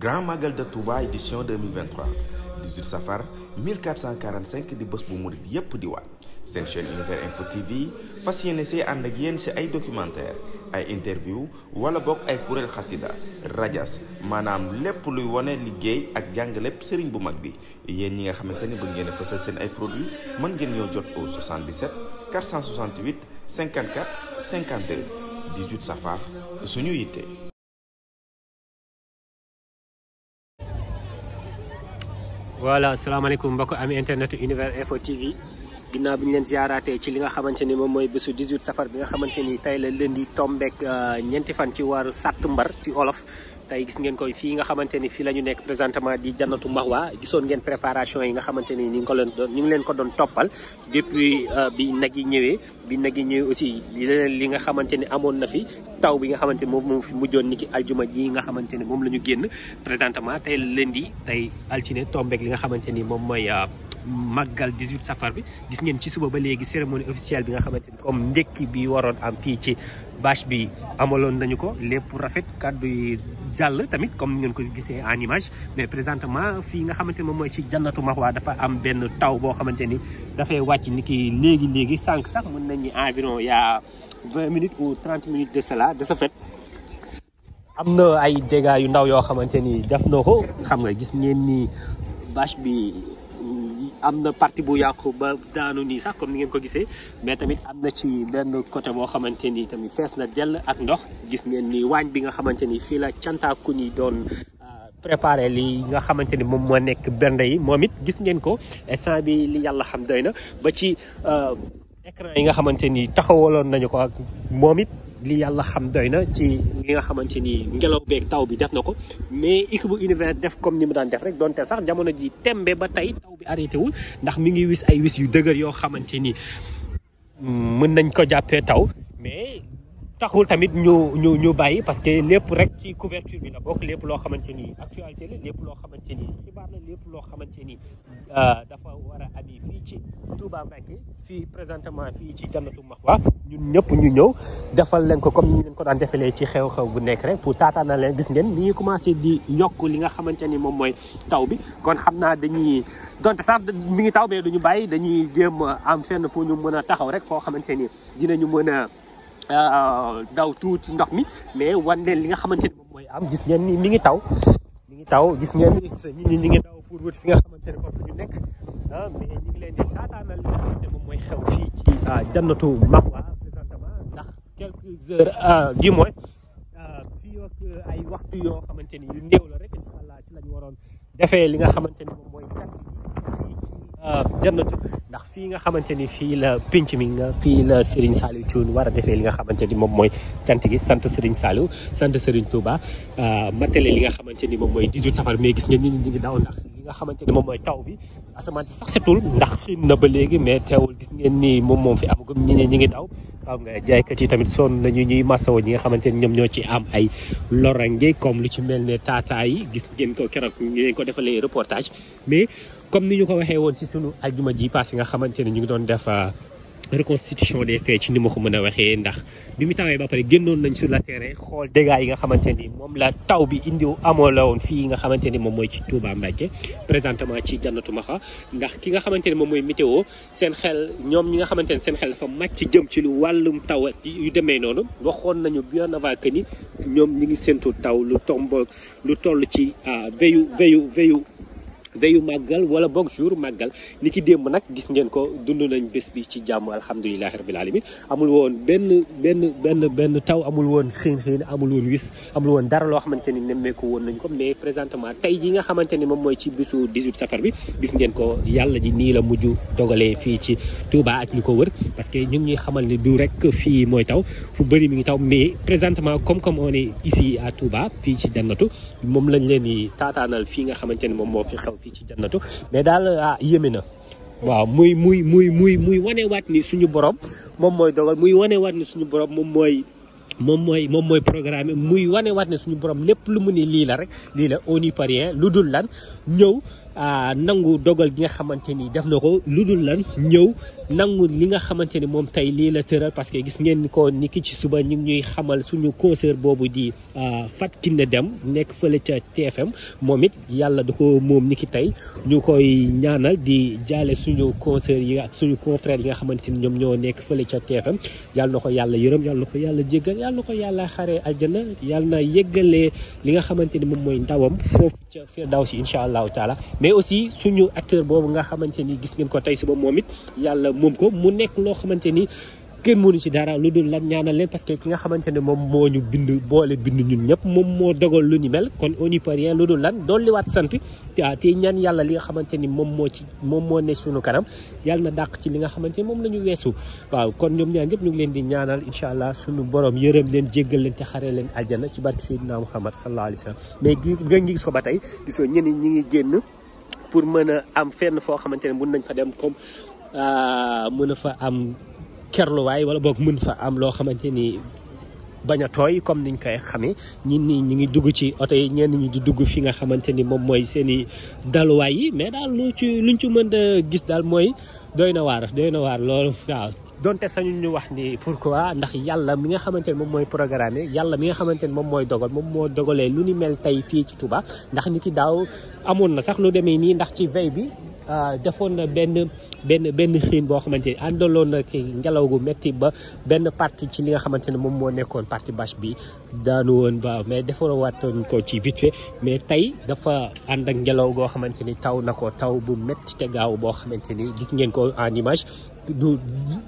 Grand Magal de Touba édition 2023 18 safar 1445 di bés bu murit yépp di waat seen chaîne Univers Info TV fas yéene see ànd ak yéen si ay documentaire ay interview wala bokk ay kuréel xasida si maanaam lépp luy wane liggéey ak jàngale lépp sëriñ bu mag bi yéen ñi nga xamante ni bëgg ngeen a fësal seen ay produit man ngeen ñoo jot au 77 468 54 52 18 safar suñu yitte voilà salaamaaleykum mbokk am internet univers info TV ginnaaw bi ñu leen ci li nga xamante ni moom mooy bésu 18 safar bi nga xamante ni tey la lundi tombeek euh, ñeenti fan ci waaru sàtt mbar ci olof. tey gis ngeen koy fii nga xamante ni fii la ñu nekk présentement di jannatu Mahwa gisoon ngeen préparation yi nga xamante ni ni nga ko leen doon ñu ngi leen ko doon toppal euh, bi nag yi ñëwee bi nag yi ñëwee aussi li nga xamante ni amoon na fi taw bi nga xamante ni moom moo fi mujjoon ni ki aljuma ji nga xamante ni moom la ñu génn présentement tey lundi tey altine tombeeg li nga xamante ni moom mooy euh, màggal 18 safar bi gis ngeen ci suba ba léegi cérémonie officielle bi nga xamante ni comme ndekki bi waroon am fii ci bâche bi amaloon nañu ko lépp rafet kàddu yi jàll tamit comme ngeen ko gisee en mais présentement fii nga xamante ne moom mooy ci jannatu maxwaa dafa am benn taw boo xamante ni dafay wàcc ni ki léegi léegi sànq sax mën nañu environ yaa 20 minutes ou 30 minutes de cela de ce fait am na ay dégâts yu ndaw yoo xamante ni def na ko xam nga gis ngeen nii bâche bi am na parti bu yàqu ba daanu nii sax comme ni ngeen ko gisee mais tamit am na ci benn côté moo xamante nii tamit fees na dell ak ndox gis ngeen ni waañ bi nga xamante ni fii la cantaku ñi doon euh, préparer li nga xamante ni moom moo nekk bernde yi moom it gis ngeen ko instant bi li yàlla xam doy na ba ci euh, écran yi nga xamante ni taxawaloon nañu ko ak moom it li yàlla xam doy na ci li nga xamante ni ngelaw beeg taw bi def na ko mais équipe bu univers def comme ni mu daan def rek donte sax jamono ji tembe ba tey taw bi arrêté wul ndax mi ngi wis ay wis yu dëgër yoo xamante ni mm, mën nañ ko jàppee taw taxul tamit ñu ñu ñu bàyyi parce que lépp rek ci couverture bi la bokk lépp loo xamante ni actualité la lépp loo xamante ni xibaar la lépp loo xamante ni euh, dafa war a ami ci Touba Mbacké fii présentement fii ci Jannatu Mahwa ñun ñëpp ñu ñëw defal leen ko comme ni ñu leen ko daan defalee ci xew-xew bu nekk rek pour taataana leen gis ngeen ni commencé di yokk li nga xamante ni moom mooy taw bi kon xam naa dañuy dont sax mi ngi taw du ñu bàyyi dañuy jéem am fenn fu ñu mën a taxaw rek foo xamante ni dinañu mën a Euh, daw tuuti ci ndox mi mais wan leen li nga xamante ni moom mooy am gis ngeen ni mi ngi taw mi ngi taw gis ngeen nit ñi ñi ngi taw pour wut fi nga xamante ne foofu ñu nekk ah ngi leen di taataanal li moom mooy xew fii ci ah, jannatu Mahwa présentement ndax quelques heures ah, du moins ah, fii ak ay waxtu yoo xamante ni yu néew la rek incha allah si la waroon defee li nga xamante ni Euh, jannatu ndax fii nga xamante ni fii la pénc mi nga fii la Serigne Saliou Thioune war a defee li nga xamante ni moom mooy cant gi sant Serigne Saliou sant Serigne Touba euh, matale li nga xamante ni moom mooy 18 safar mais gis ngeen ñi ñi ngi daw ndax li nga xamante ni moom mooy taw bi asamaan si setul ndax xiin na ba léegi mais teewul gis ngeen nii moom moom fi amagum ñi ñi ñi ngi daw xam nga jaaykat yi tamit sonn nañu ñuy masawo ñi nga xamante ni ñoom ñoo ci am ay lorange kom lu ci mel ne taataa yi gis ngeen ko keroog ñu ko defalee reportage comme ni ñu ko waxee woon si sunu aljuma ji passé nga xamante ne ñu ngi doon def euh, reconstitution des faits ci ni ma ko mën a waxee ndax bi mu tawee ba pare génnoon nañ su le terrain xool dégâts yi nga xamante ni moom la taw bi indi amoo woon fii nga xamante ni moom mooy ci Touba Mbacké présentement ci Jannatu xa ndax ki nga xamante ni moom mooy météo seen xel ñoom ñi nga xamante ni seen xel dafa ci jëm ci lu wàllum taw yu demee noonu waxoon nañu bien avant que ni ñoom ñi ngi séntu taw lu tombo lu toll ci euh, veyu veyu veyu veyu màggal wala boog jour màggal ni ki démb nag gis ngeen ko dund nañ bés bi ci jàmm alhamdulilahi rabil alamin amul woon benn benn benn benn taw amul woon xiin xiin amul woon wis amul woon dara loo xamante ni nemmeeku woon nañ ko mais présentement tey ji nga xamante ni moom mooy ci bisu 18 safar bi gis ngeen ko yàlla ji nii la mujj dogalee fii ci Touba ak ko wër parce que ñu ngi ñuy xamal ni du rek fii mooy taw fu bëri mi ngi taw mais présentement comme comme on est ici à Touba fii ci jannatu moom lañ leen di taataanal fii nga xamante ni moom moo fi xew fii ci jannatu mais daal ah yéeme na waaw muy muy muy muy muy wanewaat ni suñu borom moom mooy dogal muy wane wanewaat ni suñu borom moom mooy moom mooy moom mooy programme muy wane wanewaat ne suñu borom lépp lu mu nii lii la rek lii la on n'y peut lu dul lan ñëw nangu dogal gi nga xamante ni def na ko lu dul lan ñëw nangu li nga xamante ni moom tey lii la tëral parce que gis ngeen ko ni ki ci suba ñu ngi ñuy xamal suñu concert boobu di Fat Kine Deme nekk fële ca TFM moom it yàlla da ko moom ni ki tey ñu koy ñaanal di jaale suñu concert yi ak suñu confrères yi nga xamante ni ñoom ñoo nekk fële ca TFM yàlla na ko yàlla yërëm yàlla na yàlla jéggal yàlla na ko yàlla xare aljana yàlla na yéggalee li nga xamante ni moom mooy ndawam foofu ca si incha allahu taala mais aussi suñu acteur boobu nga xamante ni gis ngeen ko tey suba moom it yàlla moom ko mu nekk loo xamante ni kenn mënu ci dara lu dul lan ñaanal leen parce que ki nga xamante ne moom moo ñu bind boole bind ñun ñëpp moom moo dogal lu ñu mel kon on n'y peut lu dul lan dolliwaat sant te ñaan yàlla li xamante ni moom moo ci moom moo ne suñu kanam yàlla na dàq ci li nga xamante ni moom la ñu weesu waaw kon ñoom ñaan ñëpp ñu ngi leen di ñaanal incha allah suñu borom yërëm leen jéggal leen te xare leen aljana ci barke Seydina Muhammad sallallahu alayhi wa sallam mais gis fa ba tey gisoo ñenn ñi ngi génn pour mën a am fenn foo xamante ne mën nañ fa dem comme euh, mën a fa am kerluwaay wala boog mën fa am loo xamante ni bañ a tooy comme niñ koy xamee ñin ñi ñu ngi dugg ci oto yi ñenn ñi di dugg fi nga xamante ni moom mooy seeni i yi mais daal lu ci ñu ci mën a gis daal mooy doy na waar doy na waar loolu waaw. donte sañu ñu wax ni pourquoi ndax yàlla mi nga xamante ne moom mooy programme yàlla mi nga xamante ne moom mooy dogal moom moo dogalee lu ni mel tey fii ci Touba ndax nit ki daaw amoon na sax lu demee nii ndax ci veille bi. Euh, defoon na benn benn benn xiin boo xamante ni àndaloon na ki ngelaw gu métti ba benn parti ci li nga xamante ne moom moo nekkoon parti bâche bi daanu woon ba mais defarawaatoon ko ci vite mais tey dafa ànd ak ngelaw goo xamante ni taw na ko taw bu métti te gaaw boo xamante ni gis ngeen ko en image du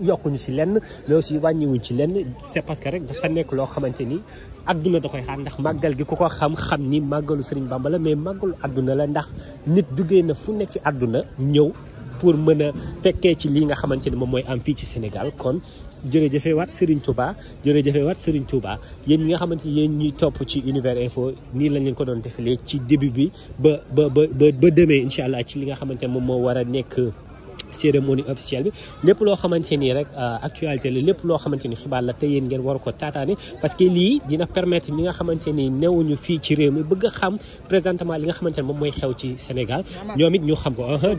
yokkuñu ci lenn mais aussi wàññiwuñ ci lenn c'est parce que rek dafa nekk loo xamante ni adduna da koy xaar ndax màggal gi ku ko xam xam ni màggalu Serigne Bamba mais màggalu àdduna la ndax nit duggee na fu nekk ci adduna ñëw pour mën a fekkee ci lii nga xamante ni moom mooy am fii ci Sénégal kon jërëjëfe waat Serigne Touba jërëjëfe waat Serigne Touba yéen ñi nga xamante ni yéen ñuy topp ci Univers Info nii lañ leen ko doon defalee ci début bi ba ba ba ba demee incha allah ci li nga xamante moom moo war a nekk. cérémonie officielle bi lépp loo xamante ni rek euh, actualité la lépp loo xamante ni xibaar la te yéen ngeen war ko taataane parce que lii dina permettre ñi nga xamante ni newuñu fii ci réew mi bëgg a xam présentement li nga xamante ni moom mooy xew ci Sénégal ñoom it ñu xam ko uh-huh,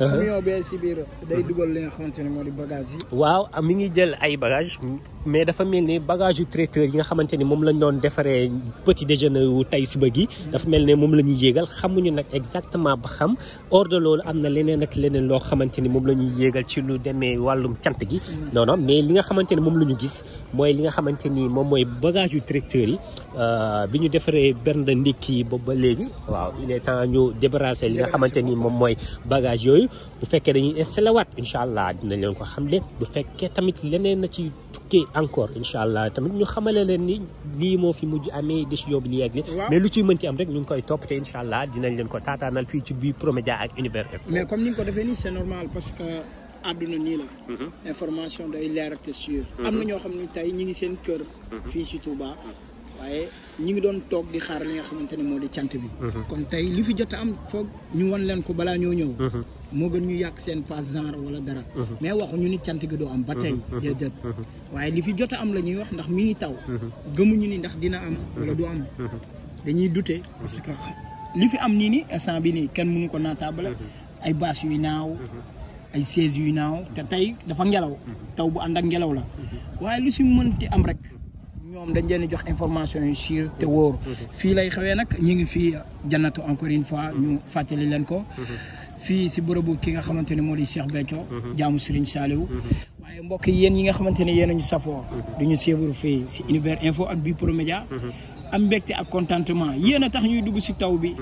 si uh-huh. biir day nga xamante ne moo di bagage yi. waaw mi ngi jël ay bagage mais dafa mel ni bagage yu traiteur yi nga xamante ni moom lañ doon defaree petit déjeuner wu tey suba gi. dafa mel ne moom la ñuy yéegal xamuñu nag exactement ba xam hors loolu am na leneen ak leneen loo xamante ni moom la ñuy yéegal ci lu demee wàllum cant gi. Mm. non non mais li nga xamante ni moom la ñu gis mooy li nga xamante ni moom mooy bagage yu traiteur yi euh, bi ñu defaree bernde ndékki boobu ba léegi. waaw il est temps ñu débarrasser li nga xamante ni moom mooy bagage yooyu. bu fekkee dañuy installé waat incha allah dinañ leen ko xamle bu fekkee tamit leneen na ci tukkee encore incha allah tamit ñu xamale leen ni lii moo fi mujj amee décision bi li yegg mais lu ciy mënti am rek ñu ngi koy topp te incha allah dinañ leen ko taataanal fii ci biir Promédia ak Univers mais comme ni ko defee nii c'est normal parce que àdduna nii la mhm. information day leer ak te sûr mhm. am na ñoo xam ni tey ñi ngi seen kër mhm. fii si Touba waaye ñi ngi doon toog di xaar li nga xamante ne moo di cant bi kon li fi jot am foog ñu leen ko balaa ñoo ñëw moo gën ñu yàq seen passe genre wala dara mhm. mais waxuñu ni cant gi doo am ba tey mhm. déedéet mhm. waaye li fi jot am la ñuy wax ndax mi ngi taw gëmuñu nii ndax dina am wala du am dañuy dute parce que li fi am nii ni instant bi nii kenn mënu ko naataabale ay bâche yuy naaw ay chaise yuy naaw te tey dafa ngelaw taw bu ànd ak ngelaw la waaye lu si mënti am rek ñoom dañ leen jox information yu sûr te wóor fii lay xewee nag ñu ngi fii jannatu encore une fois ñu fàttali leen ko fii si bërëbu ki nga xamante ne moo di Cheikh Béthio mhm. jaamu Serigne Saliou mhm. waaye mbokk yéen yi nga xamante ne yéen a ñu safoo mhm. duñu suivre fii si Univers Info ak bi promédia am mbégte ak contentement yéen a tax ñuy dugg si taw bi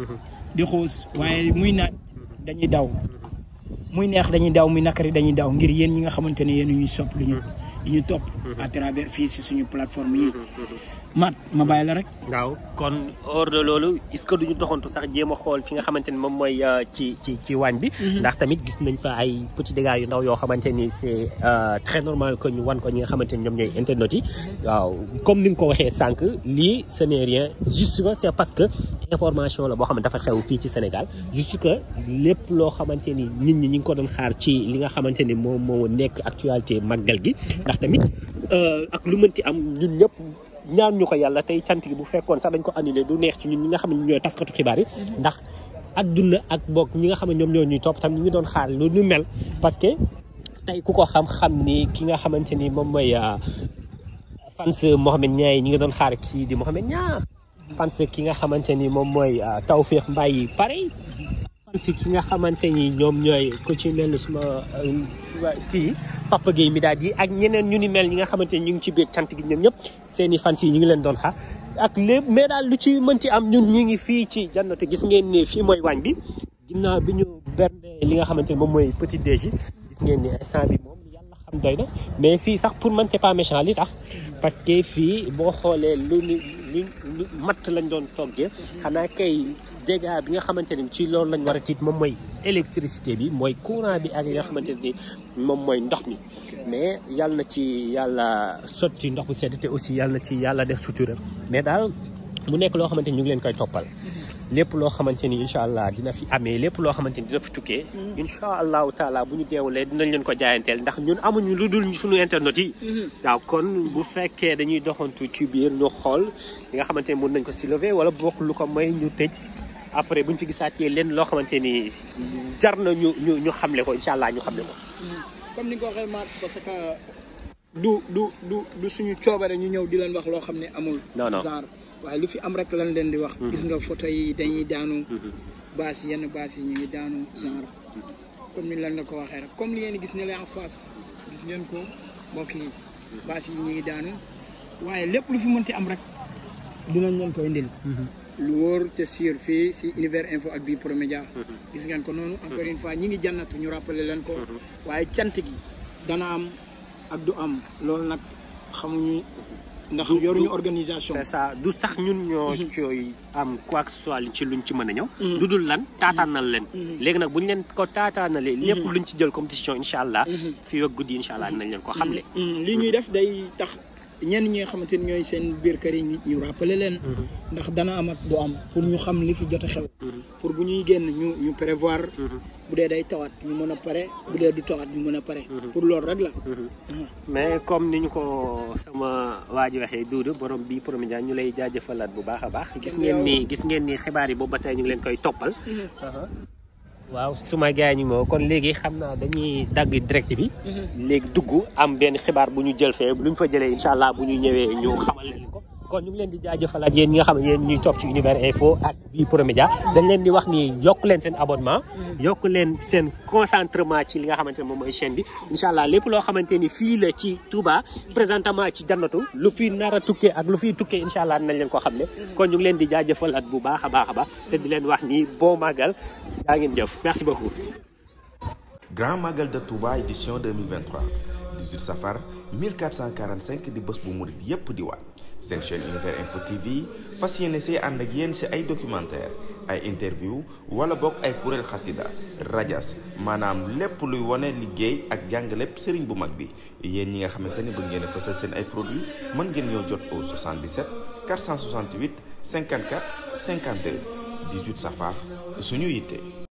di xuus waaye muy naaj dañuy daw muy neex dañuy daw muy nakari dañuy daw ngir yéen ñi nga xamante ne yéen ñuy sopp lu ñu di ñu topp. à mhm. fii si suñu plateforme yi. Mhm, mhm, Mat ma bàyyi la rek. waaw kon hors de loolu est-ce que duñu doxantu sax jéem a xool fi nga xamante ni moom mooy euh, ci ci ci waañ bi. ndax tamit gis nañ fa ay petits dégâts yu ndaw yoo xamante ni c'est euh, très wan ko ñi nga xamante ni ñoom ñooy internet yi. waaw comme ni nga ko waxee sànq lii ce n'est rien parce que information la boo xam ne dafa xew fii ci Sénégal juste que lépp loo xamante ni nit ñi ñi ko doon ci li nga xamante ni moom moo nekk actualité màggal gi. ndax tamit euh, ak lu mënti am ñun ñëpp ñaan ñu ko yàlla tey cant gi bu fekkoon sax dañ ko annulé du neex ci ñun ñi nga xam ne ñooy taskatu xibaar yi mhm. ndax adduna ak bokk ñi nga xam ne ñoom ñoo ñuy topp tam ñu ngi doon xaar lu ñu mel parce que tey ku ko xam-xam ni ki nga xamante ni moom mooy euh, fans Mohamed Niang ñi ngi doon xaar kii di Mohamed Niang fans ki nga xamante ni moom mooy euh, Tawfekh Mbaye pare fans ki nga xamante ni ñoom ñooy ku ci mel suma kii Papa Gueye mi daal di ak ñeneen ñu ni mel ñi nga xamante ni ñu ngi ci biir cant gi ñëpp ñëpp seen i ñu ngi leen doon xaar ak lépp mais daal lu ci mën ci am ñun ñi ngi fii ci jannatu gis ngeen ne fii mooy waañ bi ginnaaw bi ñu bernde li nga xamante ni moom mooy petit déj gis ngeen ni instant bi moom xam doy na mais fii sax pour man c'est pas méchant li tax parce que fii boo xoolee lu lu matt lañ doon toggee xanaa kay dégâts bi nga xamante ne ci loolu lañ war a tiit moom mooy électricité bi mooy courant bi ak li nga xamante ne moom mooy ndox mi mais yàlla na ci yàlla sotti ndox bu sedd te aussi yàlla na ci yàlla def sutura mais daal mu nekk loo xamante ni ñu ngi leen koy toppal lépp loo xamante ni incha allah dina fi amee lépp loo xamante ni dina fi tukkee mm-hmm. incha allahu taala bu ñu deewulee dina leen ko jaayanteel ndax ñun amuñu lu dul suñu internet yi mm-hmm. waaw kon bu fekkee dañuy doxantu ci biir ñu xool li nga xamante ni mun nañ ko soulever wala bokk lu ko may ñu tëj après bu ñu fi gisaatee leen loo xamante ni jar na ñu ñu ñu xamle ko incha allah ñu xamle ko. Mm-hmm. comme ni ko waxee Mar parce que du du du du suñu coobare ñu ñëw di leen wax loo xam ne amul. non waaye lu fi am rek lan leen di wax mhm. gis nga photo yi dañuy daanu mhm. baas yenn baas yi ñu ngi daanu genre mhm. comme ni lan la ko waxee rek comme li ngeen gis ne la en face gis ngeen ko mbokk yi yi ñu ngi daanu waaye lépp lu fi mënti am rek dinañ leen ko indil lu wóor te sûr fii si univers info ak bii promédia gis ngeen ko noonu encore une fois ñi ngi jànnatu ñu rappelé leen ko waaye cant gi dana am ak du am loolu nag xamuñu ndax yoruñu organisation c'est ça du sax ñun ñoo mhm. cooy am quoi que ce soit ci luñ ci mën a ñëw. Mhm. du dul lan taataanal leen. Mhm. léegi nag bu ñu leen ko taataanalee. lépp luñ ci jël comme décision allah. fii ak guddi incha allah nañ leen ko xamle. li ñuy def day tax ñenn ñi nga xamante ni ñooy seen biir kër yi ñu rappelé leen. ndax dana am ak du am pour ñu xam li fi jot a xew. pour bu ñuy génn ñu ñu prévoir. bu dee day tawat ñu mën a pare bu dee du tawat ñu a pare. Mhm. pour loolu rek la. Mhm. mais comme ni ñu ko sama waa ji waxee Doudou borom bii promédia ñu lay jaajëfalaat bu baax a baax. gis ngeen nii gis ngeen ni xibaar yi boobu ba tey ñu ngi leen koy toppal. Mhm. waaw suma gars ñi moo kon léegi xam naa dañuy dagg direct bi. léegi dugg am benn xibaar bu ñu jël fee lu ñu fa jëlee incha allah bu ñu ñëwee ñu xamal leen ko. kon ñu ngi leen di jaajëfalaat yéen ñi nga xam ne yéen ñuy topp ci univers info ak bii promédia dañ leen di wax ni yokk leen seen abonnement yokk leen seen concentrement ci li nga xamante ne moom mooy chaîne bi incha allah lépp loo xamante ni fii la ci Touba présentement ci jannatu lu fi nar a tukkee ak lu fiy tukkee incha allah nañ leen ko xam ne kon ñu ngi leen di jaajëfalaat bu baax a baax a baax te di leen wax ni boo màggal daa ngeen jëf merci beaucoup grand magal de Touba édition 2023 18 safar 1445 di bés bu murit yépp di waat seen chaîne univers info tv fas yéene see ànd ak yéen si ay documentaire ay interview wala bokk ay kuréel xasida rajas maanaam lépp luy wane liggéey ak jàngale lépp sëriñ bu mag bi yéen ñi nga xamante ni bëgg ngeen a seen ay produit mën ngeen ñoo jot au 77 468 54 52 18 safar suñu yitte